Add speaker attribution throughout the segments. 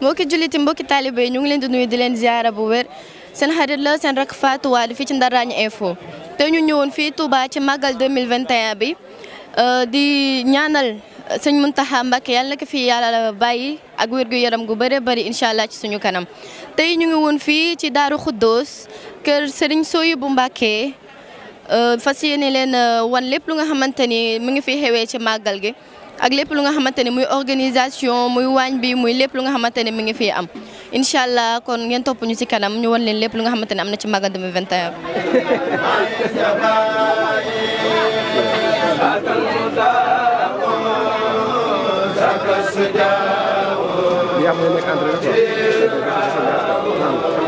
Speaker 1: mbokki julliti mbokki taalibe yi ñu ngi leen di nuy di leen ziara bu wér seen xarit la seen rak faatuwaal Wade fii ci Ndar Raññ Info te ñu ñëwoon fii Touba ci màggal 2021 bi euh, di ñaanal sëñ Muntaxa Mbàkke yàlla ko fi yàlla bàyyi ak wér-gu-yaram gu bëree bari incha allah ci suñu kanam te ñu ngi woon fii ci Daaru Xuddoos kër Sëriñ Soyibu Mbàkke euh, fas yéene leen euh, wan lépp lu nga xamante ni mu ngi fi xewee ci màggal gi ak lépp lu nga xamante ni muy organisation muy waañ bi muy lépp lu nga xamante ni mi ngi fii am incha allah kon ngeen topp ñu kanam ñu wan leen lépp lu nga xamante ni am na ci Magal 2021 bi.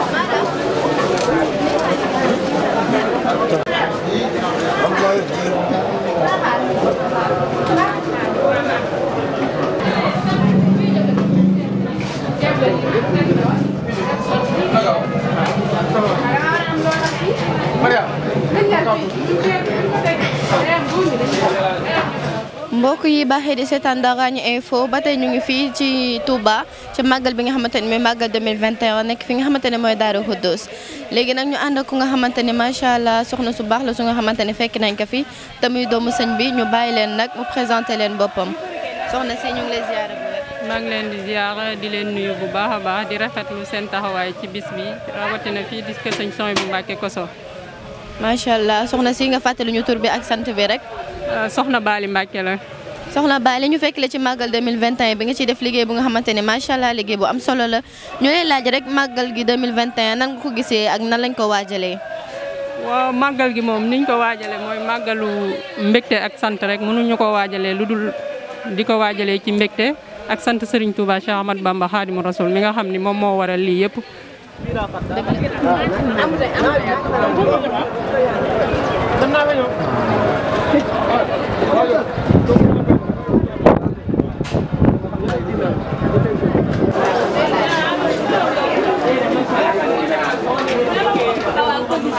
Speaker 1: mbokk yi baaxee di seetaan Daaraañi info ba tey ñu ngi fii ci Touba ci màggal bi nga xamante ne mooy màggal 2021 nekk fi nga xamante ne mooy Daaru Xuddoos léegi nag ñu ànd ku nga xamante ne macha allah soxna su baax la su nga xamante ne fekk nañ ko fi te doomu sëñ bi ñu bàyyi leen nag mu leen boppam soxna si maa ngi leen di ziyaara di leen nuyu bu baax a baax di rafetlu seen taxawaay ci bis bi rawatina fii sëñ Soy bu Mbàkke Koso. macha allah soxna si nga fàttali ñu tur bi ak sant bi rek. Ah, soxna baali Mbàkke la. soxna Ba li ñu fekk la ci màggal 2021 bi nga ciy def liggéey bu nga xamante ne macha allah liggéey bu am solo la ñu lay laaj rek màggal gi 2021 nan nga ko gisee ak nan lañ ko waajalee. waaw màggal gi moom niñ ko waajalee mooy màggalu mbégte ak sant rek mënuñu ko waajalee lu dul di ko waajalee ci mbégte ak sant Serigne Touba Cheikh Ahmad Bamba Khadimu Rasul mi nga xam ni moom moo waral lii yëpp. waa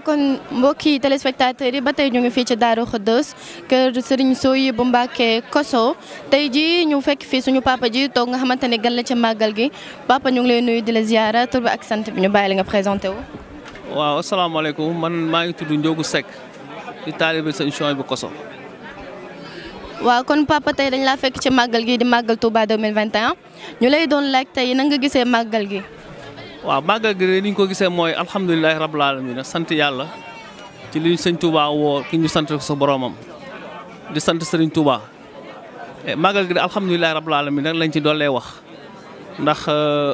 Speaker 1: kon mbokki téléspectateurs yi ba tey ñu ngi fii ci Daaru Xëdës kër Serigne Soy bu Mbàkke Koso tey ji ñu fekk fii suñu papa ji toog nga xamante ne gan ci màggal gi papa ñu ngi lay nuyu di la ziara tur bi ak sant bi ñu bàyyi la nga présenté wu.
Speaker 2: waaw asalaamaaleykum man maa ngi tudd Ndiogu Seck di taalibe sëñ Chouaïb bi Koso.
Speaker 1: waaw kon papa tey dañ laa fekk ci màggal gi di màggal Touba 2021 ñu lay doon laaj tey na nga gisee màggal gi.
Speaker 2: waaw màggal gi ni ko gisee mooy alhamdulilah rabbil alamin sant yàlla ci li sëñ Touba woo ki ñu sant sa boromam di sant Serigne Touba eh, màggal gi de alhamdulilah rabbil alamin nag lañ ci doollee wax ndax eh,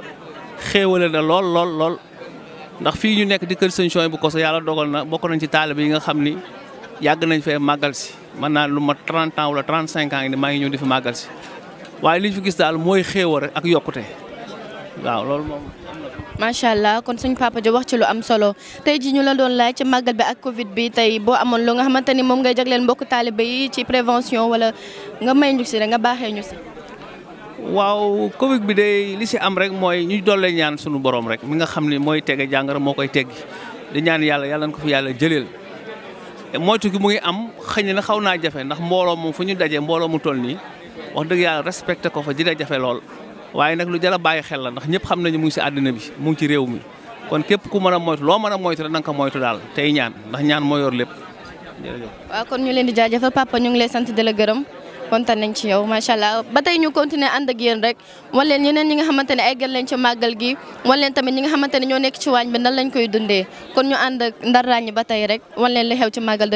Speaker 2: xéewale na lool lool lool. ndax fii ñu nekk di kër sëñ Souhaïbou Kosso yàlla dogal na bokk nañ ci taalibe yi nga xam ni yàgg nañ fee màggal si man naa lu ma 30 ans wala 35 ans ni maa ngi ñëw di fi màggal si waaye li ñu fi gis daal mooy xéewal ak yokkute waaw loolu moom.
Speaker 1: macha allah kon suñ papa jo wax ci lu am solo te ji ñu la doon laaj ci màggal bi ak Covid bi tey boo amoon lu nga xamante ni moom ngay jagleel mbokk taalibe yi ci prévention wala nga may ñu si rek nga baaxee ñu si.
Speaker 2: waaw Covid bi de li si am rek mooy ñu doole ñaan sunu boroom rek mi nga xam ne mooy tege jàngara moo koy teggi di ñaan yàlla yàlla na ko fi yàlla jëleel. moytu gi mu ngi am xëy na xaw naa jafe ndax mbooloo moom fu ñu dajee mbooloo mu toll nii wax dëgg yàlla respecté ko fa dina jafe lool. waaye nag lu jar a bàyyi xel la ndax ñëpp xam nañu mu ngi si àddina bi mu ngi ci réew mi kon képp ku mën a moytu loo mën a moytu rek na ko moytu daal tey ñaan ndax ñaan moo yor lépp
Speaker 1: kontaan nañ ci yow macha allah ba tey ñu continuer ànd ak yéen rek wan leen ñeneen ñi nga xamante ne eggal leen ci màggal gi walleen leen tamit ñi nga xamante ne ñoo nekk ci waañ bi nan lañ koy dundee kon ñu ànd ak ndar ràññi ba tey rek walleen leen li ci màggal 2021.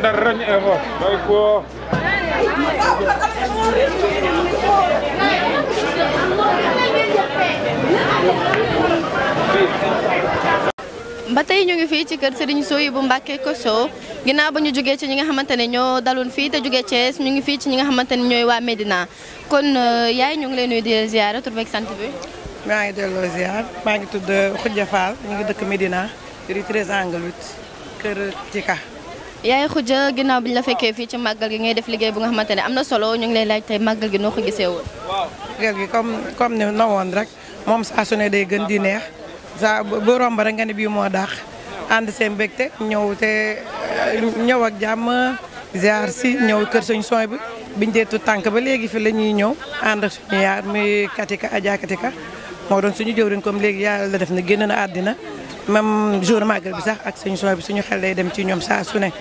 Speaker 1: ndar ràññi ba tey ñu ngi fii ci kër Serigne Souhaïbou Mbacké Kosso ginnaaw ba ñu jógee ci ñi nga xamante ne ñoo daloon fii te jógee Thiès ñu ngi fii ci ñi nga xamante ne ñooy waa Médina kon euh, yaay ñu ngi lay nuyu di ziar tur beeg sant bi. maa ngi delloo ziar maa ngi tudd euh, Khoudia Fall ñu ngi dëkk medina rue 13 angle 8 kër Tika. yaay Khoudia ginnaaw bi ñu la fekkee fii ci màggal gi ngay def liggéey bu nga xamante ne am na solo ñu ngi lay laaj tey màggal gi noo ko gisee woon. gi comme comme ni rek. moom saa su day gën di neex saa bu romb rek nga ne bii moo daax ànd seen mbégte ñëw te euh, ñëw ak jàmm ziar si ñëw kër sëñ sooy bi biñ deetu tànk ba léegi fi la ñuy ñëw ànd ak suñu yaar muy katika Adja katika moo doon suñu jëwriñ comme léegi yàlla la def na génn na àddina même jour magal bi sax ak suñu sooy bi suñu xel day dem ci ñoom saa su ne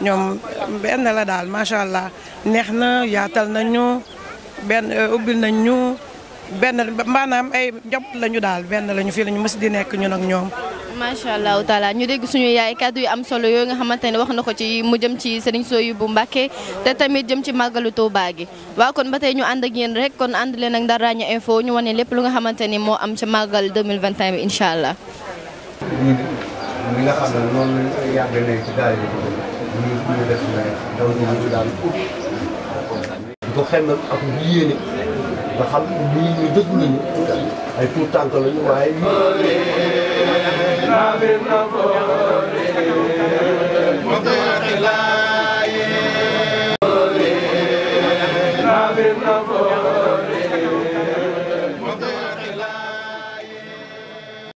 Speaker 1: ñoom benn la daal macha allah neex na yaatal nañu benn euh, ubbil nañ benn maanaam ay njaboot la ñu daal benn la ñu fii la ñu mës di nekk ñun ak ñoom. macha allahu taala ñu dégg suñu yaay kàddu yu am solo yooyu nga xamante ne wax na ko ci mu jëm ci sëriñ Souhaibou Mbacké te tamit jëm ci màggalu Touba gi waaw kon ba tey ñu ànd ak yéen rek kon ànd leen ak Ndar Raññ info ñu wane lépp lu nga xamante ni moo am ci màggal 2021 bi incha allah.
Speaker 2: ñun nga xam nii ñu dëgg lañu ay tuut tànk lañu waaye